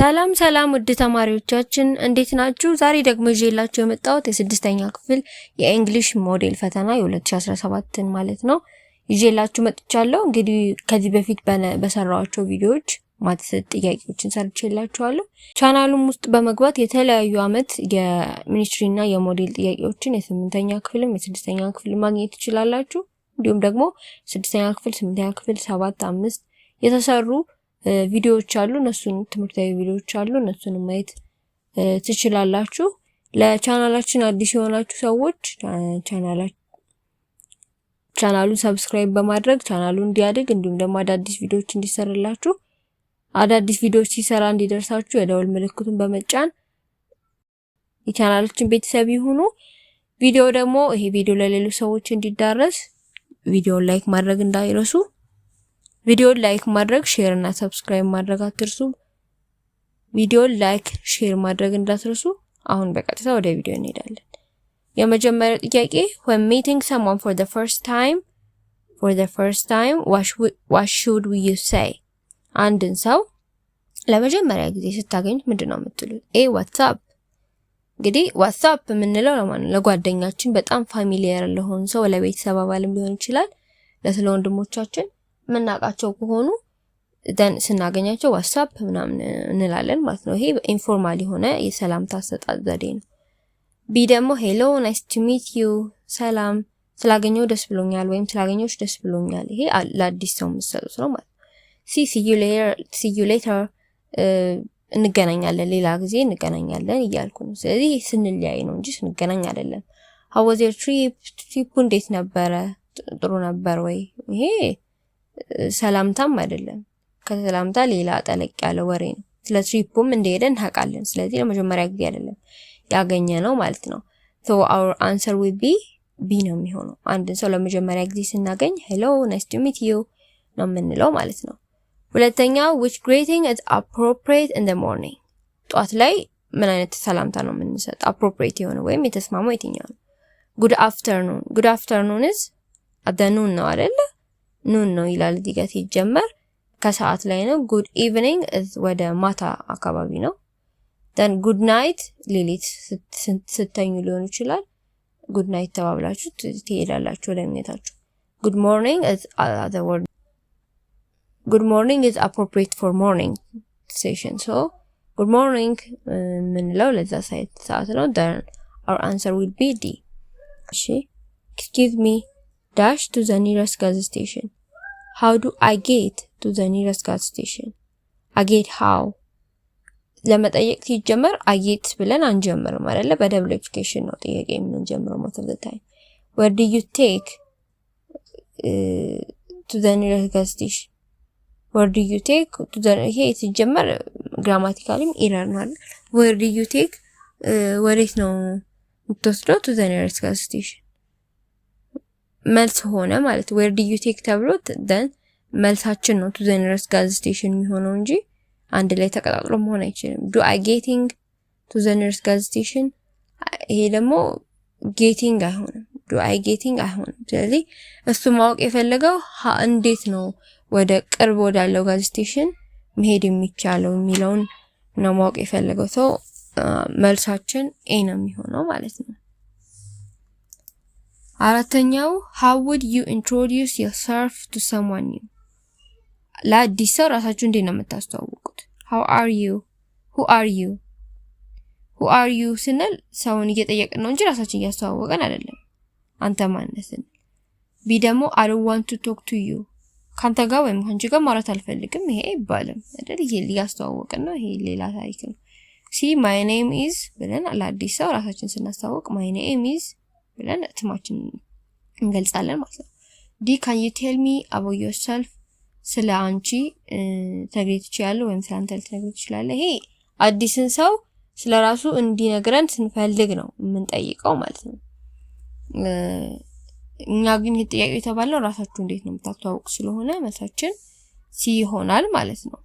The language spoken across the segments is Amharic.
ሰላም ሰላም ውድ ተማሪዎቻችን እንዴት ናችሁ? ዛሬ ደግሞ ይዤላችሁ የመጣሁት የስድስተኛ ክፍል የእንግሊሽ ሞዴል ፈተና የ2017ን ማለት ነው ይዤላችሁ መጥቻለሁ። እንግዲህ ከዚህ በፊት በሰራኋቸው ቪዲዮዎች ማት ጥያቄዎችን ሰርቼላችኋለሁ። ቻናሉም ውስጥ በመግባት የተለያዩ አመት የሚኒስትሪና የሞዴል ጥያቄዎችን የስምንተኛ ክፍልም የስድስተኛ ክፍል ማግኘት ትችላላችሁ። እንዲሁም ደግሞ ስድስተኛ ክፍል፣ ስምንተኛ ክፍል፣ ሰባት፣ አምስት የተሰሩ ቪዲዮዎች አሉ። እነሱን ትምህርታዊ ቪዲዮዎች አሉ። እነሱን ማየት ትችላላችሁ። ለቻናላችን አዲስ የሆናችሁ ሰዎች ቻናሉን ሰብስክራይብ በማድረግ ቻናሉ እንዲያድግ እንዲሁም ደግሞ አዳዲስ ቪዲዮዎች እንዲሰራላችሁ አዳዲስ ቪዲዮዎች ሲሰራ እንዲደርሳችሁ የደውል ምልክቱን በመጫን የቻናላችን ቤተሰብ ይሁኑ። ቪዲዮ ደግሞ ይሄ ቪዲዮ ለሌሎች ሰዎች እንዲዳረስ ቪዲዮን ላይክ ማድረግ እንዳይረሱ። ቪዲዮን ላይክ ማድረግ፣ ሼር እና ሰብስክራይብ ማድረግ አትርሱ። ቪዲዮን ላይክ፣ ሼር ማድረግ እንዳትርሱ። አሁን በቀጥታ ወደ ቪዲዮ እንሄዳለን። የመጀመሪያው ጥያቄ when meeting someone for the first time for the first time what should we say አንድን ሰው ለመጀመሪያ ጊዜ ስታገኙት ምንድነው የምትሉት? ኤ ዋትሳፕ እንግዲህ ዋትሳፕ የምንለው ለማን ለጓደኛችን በጣም ፋሚሊየር ለሆን ሰው ለቤተሰብ አባልም ሊሆን ይችላል ለስለ ወንድሞቻችን የምናውቃቸው ከሆኑ ደን ስናገኛቸው ዋትሳፕ ምናምን እንላለን ማለት ነው። ይሄ ኢንፎርማል የሆነ የሰላምታ አሰጣጥ ዘዴ ነው። ቢ ደግሞ ሄሎ ናይስ ቱ ሚት ዩ፣ ሰላም ስላገኘው ደስ ብሎኛል ወይም ስላገኘዎች ደስ ብሎኛል። ይሄ ለአዲስ ሰው የምትሰጡት ነው ማለት ነው። ሲ ሲ ዩ ሌተር እንገናኛለን፣ ሌላ ጊዜ እንገናኛለን እያልኩ ነው። ስለዚህ ስንለያይ ነው እንጂ ስንገናኝ አይደለም። ሀወዜር ትሪፕ ትሪፑ እንዴት ነበረ? ጥሩ ነበር ወይ? ይሄ ሰላምታም አይደለም። ከሰላምታ ሌላ ጠለቅ ያለ ወሬ ነው። ስለ ትሪፑም እንደሄደ እናውቃለን። ስለዚህ ለመጀመሪያ ጊዜ አይደለም ያገኘ ነው ማለት ነው። ሶ አወር አንሰር ዊል ቢ ቢ ነው የሚሆነው። አንድን ሰው ለመጀመሪያ ጊዜ ስናገኝ ሄሎ ናይስ ቱ ሚት ዩ ነው የምንለው ማለት ነው። ሁለተኛ ዊች ግሬቲንግ is appropriate in the morning ጧት ላይ ምን አይነት ሰላምታ ነው የምንሰጥ? appropriate የሆነ ወይም የተስማማው የትኛው ነው? ጉድ አፍተርኑን፣ ጉድ afternoon is at ነው አይደለ? ኑን ነው ይላል እዚህ ይጀመር ከሰዓት ላይ ነው። ጉድ ኢቭኒንግ ወደ ማታ አካባቢ ነው። ደን ጉድ ናይት ሌሊት ስተኙ ሊሆን ይችላል። ጉድ ናይት ተባብላችሁ ትሄዳላችሁ ወደ እምነታችሁ። ጉድ ሞርኒንግ አዘር ወርድ ጉድ ሞርኒንግ እዝ አፕሮፕሪት ፎር ሞርኒንግ ሴሽን ሶ ጉድ ሞርኒንግ የምንለው ለዛ ሳይት ሰዓት ነው። ደን አወር አንሰር ዊል ቢ ዲ። እሺ ኤክስኪውዝ ሚ dash to the nearest gas station. How do I get to the nearest gas station? I get how ለመጠየቅ ሲጀመር አጌት ብለን አንጀምርም አይደለ? በደብል ኤጁኬሽን ነው ጥያቄ የምንጀምረው ሞት ኦፍ ዘ ታይም። ወር ዱ ዩ ቴክ ቱ ዘ ኒረስ ጋዝ ስቴሽን ወር ዱ ዩ ቴክ ቱ ዘ ይሄ ሲጀመር ግራማቲካሊም ኢረር ነው አይደል? ወር ዱ ዩ ቴክ ወዴት ነው የምትወስደው? ቱ ዘ ኒረስ ጋዝ ስቴሽን መልስ ሆነ ማለት ዌር ዲዩ ቴክ ተብሎ ደን መልሳችን ነው ቱ ዘ ኒረስት ጋዝ ስቴሽን የሚሆነው እንጂ አንድ ላይ ተቀጣጥሎ መሆን አይችልም። ዱ አይ ጌቲንግ ቱ ዘ ኒረስት ጋዝ ስቴሽን፣ ይሄ ደግሞ ጌቲንግ አይሆንም። ዱ አይ ጌቲንግ አይሆንም። ስለዚህ እሱ ማወቅ የፈለገው እንዴት ነው ወደ ቅርብ ወዳለው ጋዝ ስቴሽን መሄድ የሚቻለው የሚለውን ነው ማወቅ የፈለገው ሰው። መልሳችን ኤ ነው የሚሆነው ማለት ነው። አራተኛው how would you introduce yourself to someone new ለአዲስ ሰው ራሳችሁ እንዴት ነው የምታስተዋውቁት? how are you who are you who are you ስንል ሰውን እየጠየቅን ነው እንጂ ራሳችን እያስተዋወቀን አይደለም። አንተ ማነስን ቢ ደግሞ I don't want to talk to you ካንተ ጋር ወይም ከአንቺ ጋር ማውራት አልፈልግም። ይሄ አይባልም አይደል? ይሄ እያስተዋወቅን ነው። ይሄ ሌላ ታሪክ ነው። ሲ my name is ብለን ለአዲስ ሰው ራሳችን ስናስተዋወቅ my name is ብለን እትማችን እንገልጻለን ማለት ነው። ዲ ካን ዩ ቴል ሚ አባውት ዮርሰልፍ ስለ አንቺ ተግሬት ትችላለህ ወይም ስለ አንተ ልትነግሪ ትችላለህ። ይሄ አዲስን ሰው ስለ ራሱ እንዲነግረን ስንፈልግ ነው የምንጠይቀው ማለት ነው። እኛ ግን ይህ ጥያቄ የተባለው ራሳችሁ እንዴት ነው የምታስተዋውቅ ስለሆነ መልሳችን ሲ ይሆናል ማለት ነው።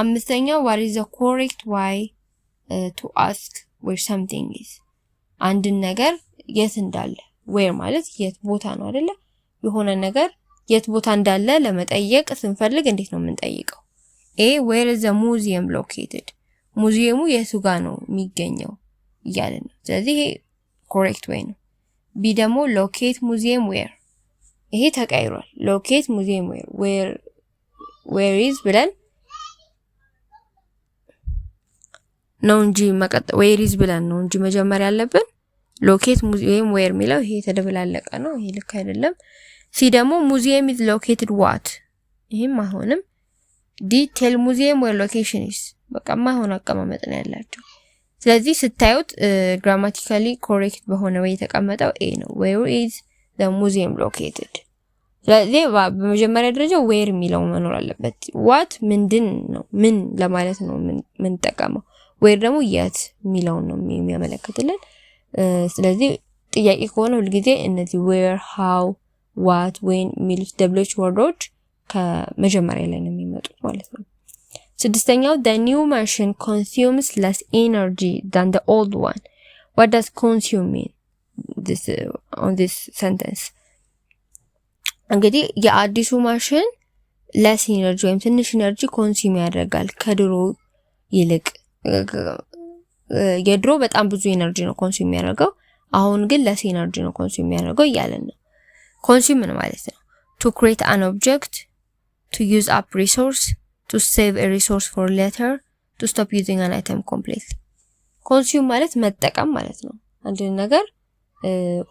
አምስተኛው what is the correct way to ask where something is አንድን ነገር የት እንዳለ ዌር ማለት የት ቦታ ነው አይደለ? የሆነ ነገር የት ቦታ እንዳለ ለመጠየቅ ስንፈልግ እንዴት ነው የምንጠይቀው? ኤ ዌር ዘ ሙዚየም ሎኬትድ ሙዚየሙ የቱ ጋ ነው የሚገኘው እያለን ነው። ስለዚህ ይሄ ኮሬክት ዌይ ነው። ቢ ደግሞ ሎኬት ሙዚየም ዌር ይሄ ተቀይሯል። ሎኬት ሙዚየም ዌር ዌር ኢዝ ብለን ነው እንጂ ዌር ኢዝ ብለን ነው እንጂ መጀመሪያ ያለብን ሎኬት ሙዚየም ዌር የሚለው ይሄ የተደበላለቀ ነው። ይሄ ልክ አይደለም። ሲ ደግሞ ሙዚየም ኢዝ ሎኬትድ ዋት፣ ይህም አይሆንም። ዲ ቴል ሙዚየም ዌር ሎኬሽን ኢዝ፣ በቃ ማይሆን አቀማመጥ ነው ያላቸው። ስለዚህ ስታዩት ግራማቲካሊ ኮሬክት በሆነ ወይ የተቀመጠው ኤ ነው። ዌር ኢዝ ሙዚየም ሎኬትድ። ስለዚህ በመጀመሪያ ደረጃ ዌር የሚለው መኖር አለበት። ዋት ምንድን ነው ምን ለማለት ነው የምንጠቀመው። ዌር ደግሞ የት የሚለውን ነው የሚያመለክትልን። ስለዚህ ጥያቄ ከሆነ ሁልጊዜ እነዚህ ዌር፣ ሃው፣ ዋት፣ ዌን የሚሉት ደብሎች ወርዶች ከመጀመሪያ ላይ ነው የሚመጡት ማለት ነው። ስድስተኛው the new version consumes less energy than the old one. What does consume mean this, uh, on this sentence? እንግዲህ የአዲሱ ማሽን ለስ ኢነርጂ ወይም ትንሽ ኤነርጂ ኮንሱም ያደርጋል ከድሮ ይልቅ የድሮ በጣም ብዙ ኤነርጂ ነው ኮንሱም የሚያደርገው፣ አሁን ግን ለስ ኤነርጂ ነው ኮንሱም የሚያደርገው እያለን ነው። ኮንሱም ምን ማለት ነው? ቱ ክሬት አን ኦብጀክት ቱ ዩዝ አፕ ሪሶርስ ቱ ሴቭ ኤ ሪሶርስ ፎር ሌተር ቱ ስቶፕ ዩዚንግ አን አይተም ኮምፕሌትሊ። ኮንሱም ማለት መጠቀም ማለት ነው። አንድን ነገር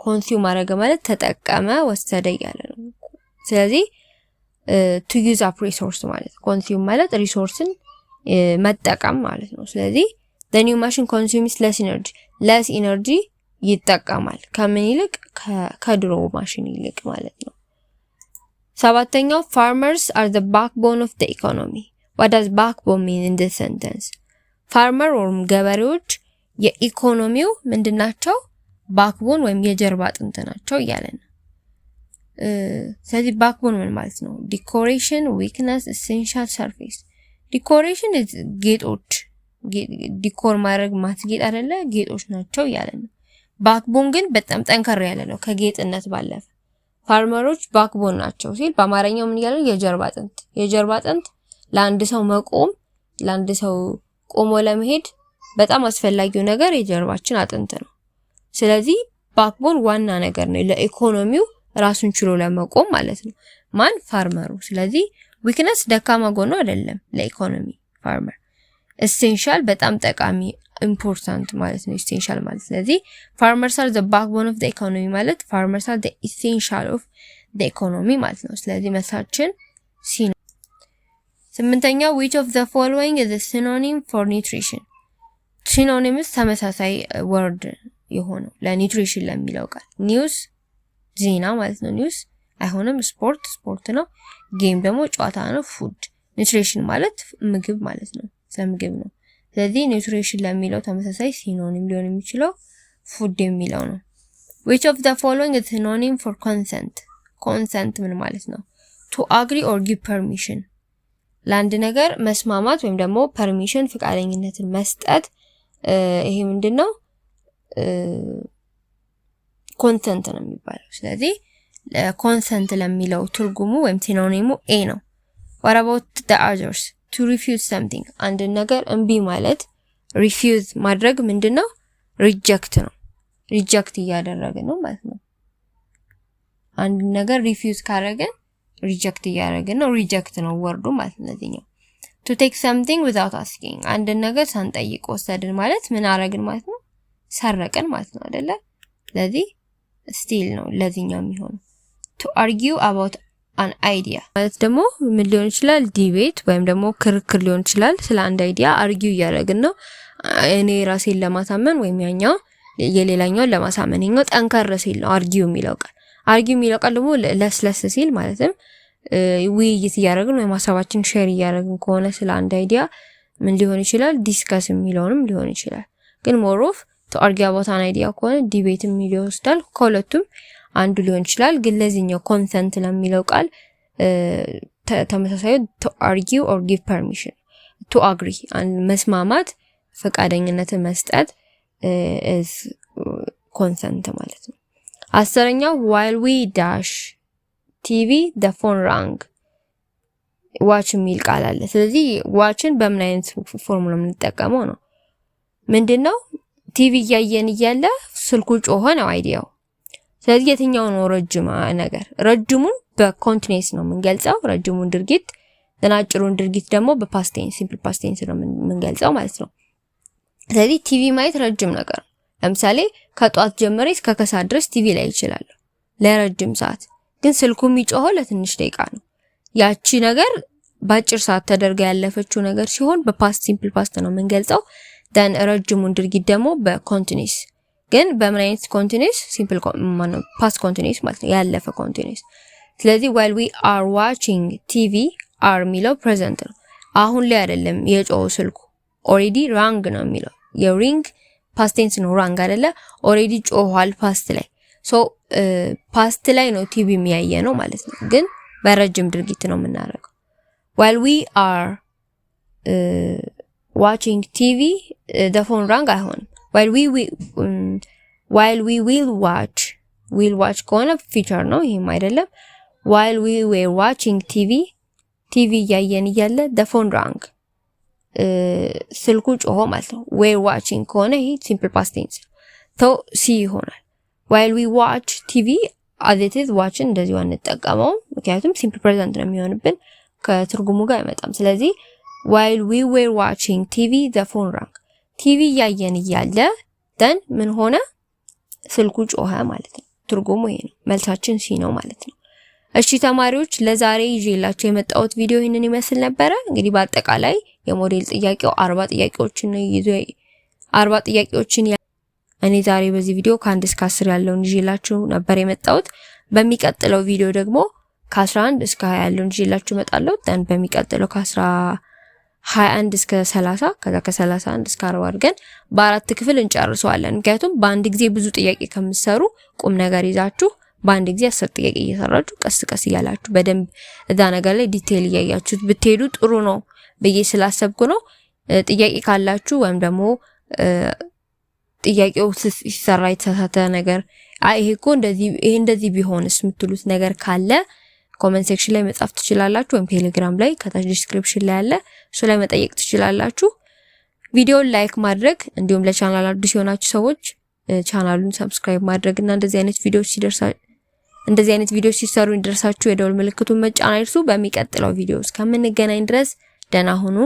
ኮንሱም አደረገ ማለት ተጠቀመ፣ ወሰደ እያለ ነው። ስለዚህ ቱ ዩዝ አፕ ሪሶርስ ማለት ኮንሱም ማለት ሪሶርስን መጠቀም ማለት ነው። ስለዚህ the new machine consumes less energy less energy ይጠቀማል ከምን ይልቅ ከድሮ ማሽን ይልቅ ማለት ነው። ሰባተኛው farmers are the backbone of the economy what does backbone mean in this sentence farmer ወይም ገበሬዎች የኢኮኖሚው ምንድናቸው ባክቦን ወይም የጀርባ አጥንት ናቸው እያለ ነው። ስለዚህ ባክቦን ምን ማለት ነው? ዲኮሬሽን ዊክነስ ኢሴንሻል ሰርፌስ ዲኮሬሽን ጌጦች ዲኮር ማድረግ ማስጌጥ አይደለ ጌጦች ናቸው እያለ ነው። ባክቦን ግን በጣም ጠንከር ያለ ነው ከጌጥነት ባለፈ ፋርመሮች ባክቦን ናቸው ሲል በአማርኛው ምን እያለ የጀርባ አጥንት። የጀርባ አጥንት ለአንድ ሰው መቆም ለአንድ ሰው ቆሞ ለመሄድ በጣም አስፈላጊው ነገር የጀርባችን አጥንት ነው። ስለዚህ ባክቦን ዋና ነገር ነው ለኢኮኖሚው ራሱን ችሎ ለመቆም ማለት ነው። ማን ፋርመሩ። ስለዚህ ዊክነስ ደካማ ጎኑ አይደለም ለኢኮኖሚ ፋርመር ኢሴንሻል በጣም ጠቃሚ ኢምፖርታንት ማለት ነው። ኢሴንሻል ማለት ስለዚህ ፋርመርስ አር ዘ ባክቦን ኦፍ ዘ ኢኮኖሚ ማለት ፋርመርስ አር ዘ ኢሴንሻል ኦፍ ዘ ኢኮኖሚ ማለት ነው። ስለዚህ መሳችን ሲ ነው። ስምንተኛው ዊች ኦፍ ዘ ፎሎዊንግ ዘ ሲኖኒም ፎር ኒውትሪሽን ሲኖኒምስ ተመሳሳይ ወርድ የሆነው ለኒውትሪሽን ለሚለው ቃል ኒውስ ዜና ማለት ነው። ኒውስ አይሆንም። ስፖርት ስፖርት ነው። ጌም ደግሞ ጨዋታ ነው። ፉድ ኒውትሪሽን ማለት ምግብ ማለት ነው። ለምግብ ነው። ስለዚህ ኒውትሪሽን ለሚለው ተመሳሳይ ሲኖኒም ሊሆን የሚችለው ፉድ የሚለው ነው። ዊች ኦፍ ዘ ፎሎዊንግ ሲኖኒም ፎር ኮንሰንት። ኮንሰንት ምን ማለት ነው? ቱ አግሪ ኦር ጊቭ ፐርሚሽን ለአንድ ነገር መስማማት ወይም ደግሞ ፐርሚሽን ፍቃደኝነትን መስጠት ይሄ ምንድን ነው? ኮንሰንት ነው የሚባለው። ስለዚህ ኮንሰንት ለሚለው ትርጉሙ ወይም ሲኖኒሙ ኤ ነው። ወረቦት ደ አዘርስ ቱ ሪፊውዝ ሰምቲንግ አንድን ነገር እምቢ ማለት ሪፊውዝ ማድረግ ምንድን ነው? ሪጀክት ነው። ሪጀክት እያደረግን ነው ማለት ነው። አንድን ነገር ሪፊውዝ ካደረግን ሪጀክት እያደረግን ነው። ሪጀክት ነው ወርዱ ማለት ነው። እዚህኛው ቱ ቴክ ሰምቲንግ ዊዛውት አስኪንግ አንድን ነገር ሳንጠይቅ ወሰድን ማለት ምን አረግን ማለት ነው? ሰረቅን ማለት ነው አይደለ? ለዚህ ስቲል ነው ለዚህኛው የሚሆነው ቱ አርጊው አባውት አን አይዲያ ማለት ደግሞ ምን ሊሆን ይችላል? ዲቤት ወይም ደግሞ ክርክር ሊሆን ይችላል። ስለ አንድ አይዲያ አርጊው እያደረግን ነው። እኔ ራሴን ለማሳመን ወይም ያኛው የሌላኛውን ለማሳመን ይኛው ጠንከር ሲል ነው አርጊው የሚለው ቃል። አርጊው የሚለው ቃል ደግሞ ለስለስ ሲል ማለትም ውይይት እያደረግን ወይም ሀሳባችን ሼር እያደረግን ከሆነ ስለ አንድ አይዲያ ምን ሊሆን ይችላል? ዲስከስ የሚለውንም ሊሆን ይችላል ግን ሞሮፍ ተአርጊያ ቦታን አይዲያ ከሆነ ዲቤትም ይወስዳል። ከሁለቱም አንዱ ሊሆን ይችላል። ግን ለዚህኛው ኮንሰንት ለሚለው ቃል ተመሳሳዩ ቱ አርጊው ኦር ጊቭ ፐርሚሽን ቱ አግሪ መስማማት፣ ፈቃደኝነትን መስጠት ኮንሰንት ማለት ነው። አስረኛው ዋይል ዊ ዳሽ ቲቪ ደ ፎን ራንግ ዋች የሚል ቃል አለ። ስለዚህ ዋችን በምን አይነት ፎርሙላ የምንጠቀመው ነው ምንድን ነው? ቲቪ እያየን እያለ ስልኩ ጮኸ ነው አይዲያው። ስለዚህ የትኛው ነው ረጅም ነገር? ረጅሙን በኮንቲኒስ ነው የምንገልጸው፣ ረጅሙን ድርጊት እና ድርጊት ደግሞ በፓስቴንስ ሲምፕል ፓስቴንስ ነው የምንገልጸው ማለት ነው። ስለዚህ ቲቪ ማየት ረጅም ነገር ነው። ለምሳሌ ከጧት ጀምሬ እስከ ከሰዓት ድረስ ቲቪ ላይ ይችላል ለረጅም ሰዓት። ግን ስልኩ የሚጮኸው ለትንሽ ደቂቃ ነው። ያቺ ነገር በአጭር ሰዓት ተደርጋ ያለፈችው ነገር ሲሆን በፓስት ሲምፕል ፓስት ነው የምንገልጸው። ደን ረጅሙን ድርጊት ደግሞ በኮንቲኒስ ግን በምን አይነት ኮንቲኒስ ሲምፕል ፓስ ኮንቲኒስ ማለት ነው፣ ያለፈ ኮንቲኒስ። ስለዚህ while we are watching TV are የሚለው ፕሬዘንት ነው። አሁን ላይ አይደለም የጮው ስልኩ ኦሬዲ ራንግ ነው የሚለው የሪንግ ፓስት ቴንስ ነው። ራንግ አይደለ ኦሬዲ ጮኋል ፓስት ላይ ሶ ፓስት ላይ ነው ቲቪ የሚያየ ነው ማለት ነው። ግን በረጅም ድርጊት ነው የምናደርገው while we are watching TV, the phone rang አይሆንም። while we will while we will watch will watch ከሆነ ፊቸር ነው፣ ይሄም አይደለም። while we were watching TV ቲቪ እያየን እያለ the phone rang ስልኩ ጮሆ ማለት ነው። were watching ከሆነ ይሄ simple past tense ነው፣ ሲ ይሆናል። while we watch TV አዜቲቭ ዋችን እንደዚሁ አንጠቀመውም፣ ምክንያቱም simple present ነው የሚሆንብን ከትርጉሙ ጋር አይመጣም። ስለዚህ ዋይል ዊ ዌር ዋቺንግ ቲቪ ዘ ፎን ራንግ ቲቪ እያየን እያለ ደን ምን ሆነ? ስልኩ ጮኸ ማለት ነው። ትርጉሙ ይሄ ነው። መልሳችን ሲ ነው ማለት ነው። እሺ ተማሪዎች ለዛሬ ይዤላችሁ የመጣሁት ቪዲዮ ይህንን ይመስል ነበረ። እንግዲህ በአጠቃላይ የሞዴል ጥያቄው አርባ ጥያቄዎችን ይዞ አርባ ጥያቄዎችን እኔ ዛሬ በዚህ ቪዲዮ ከአንድ እስከ አስር ያለውን ይዤላችሁ ነበር የመጣሁት። በሚቀጥለው ቪዲዮ ደግሞ ከአስራ አንድ እስከ ሀያ ያለውን ይዤላችሁ እመጣለሁ። ደን በሚቀጥለው ከአስራ 21 እስከ 30 ከዛ ከ31 እስከ 40 አድርገን በአራት ክፍል እንጨርሰዋለን። ምክንያቱም በአንድ ጊዜ ብዙ ጥያቄ ከምትሰሩ ቁም ነገር ይዛችሁ በአንድ ጊዜ አስር ጥያቄ እየሰራችሁ ቀስ ቀስ እያላችሁ በደንብ እዛ ነገር ላይ ዲቴይል እያያችሁት ብትሄዱ ጥሩ ነው ብዬ ስላሰብኩ ነው። ጥያቄ ካላችሁ ወይም ደግሞ ጥያቄው ሲሰራ የተሳሳተ ነገር አይ ይሄ እኮ እንደዚህ ይሄ እንደዚህ ቢሆንስ የምትሉት ነገር ካለ ኮመንት ሴክሽን ላይ መጻፍ ትችላላችሁ፣ ወይም ቴሌግራም ላይ ከታች ዲስክሪፕሽን ላይ ያለ እሱ ላይ መጠየቅ ትችላላችሁ። ቪዲዮን ላይክ ማድረግ እንዲሁም ለቻናል አዲስ የሆናችሁ ሰዎች ቻናሉን ሰብስክራይብ ማድረግ እና እንደዚህ አይነት ቪዲዮዎች ሲደርሳ እንደዚህ አይነት ቪዲዮዎች ሲሰሩ እንዲደርሳችሁ የደውል ምልክቱን መጫን አይርሱ። በሚቀጥለው ቪዲዮ እስከምንገናኝ ድረስ ደህና ሁኑ።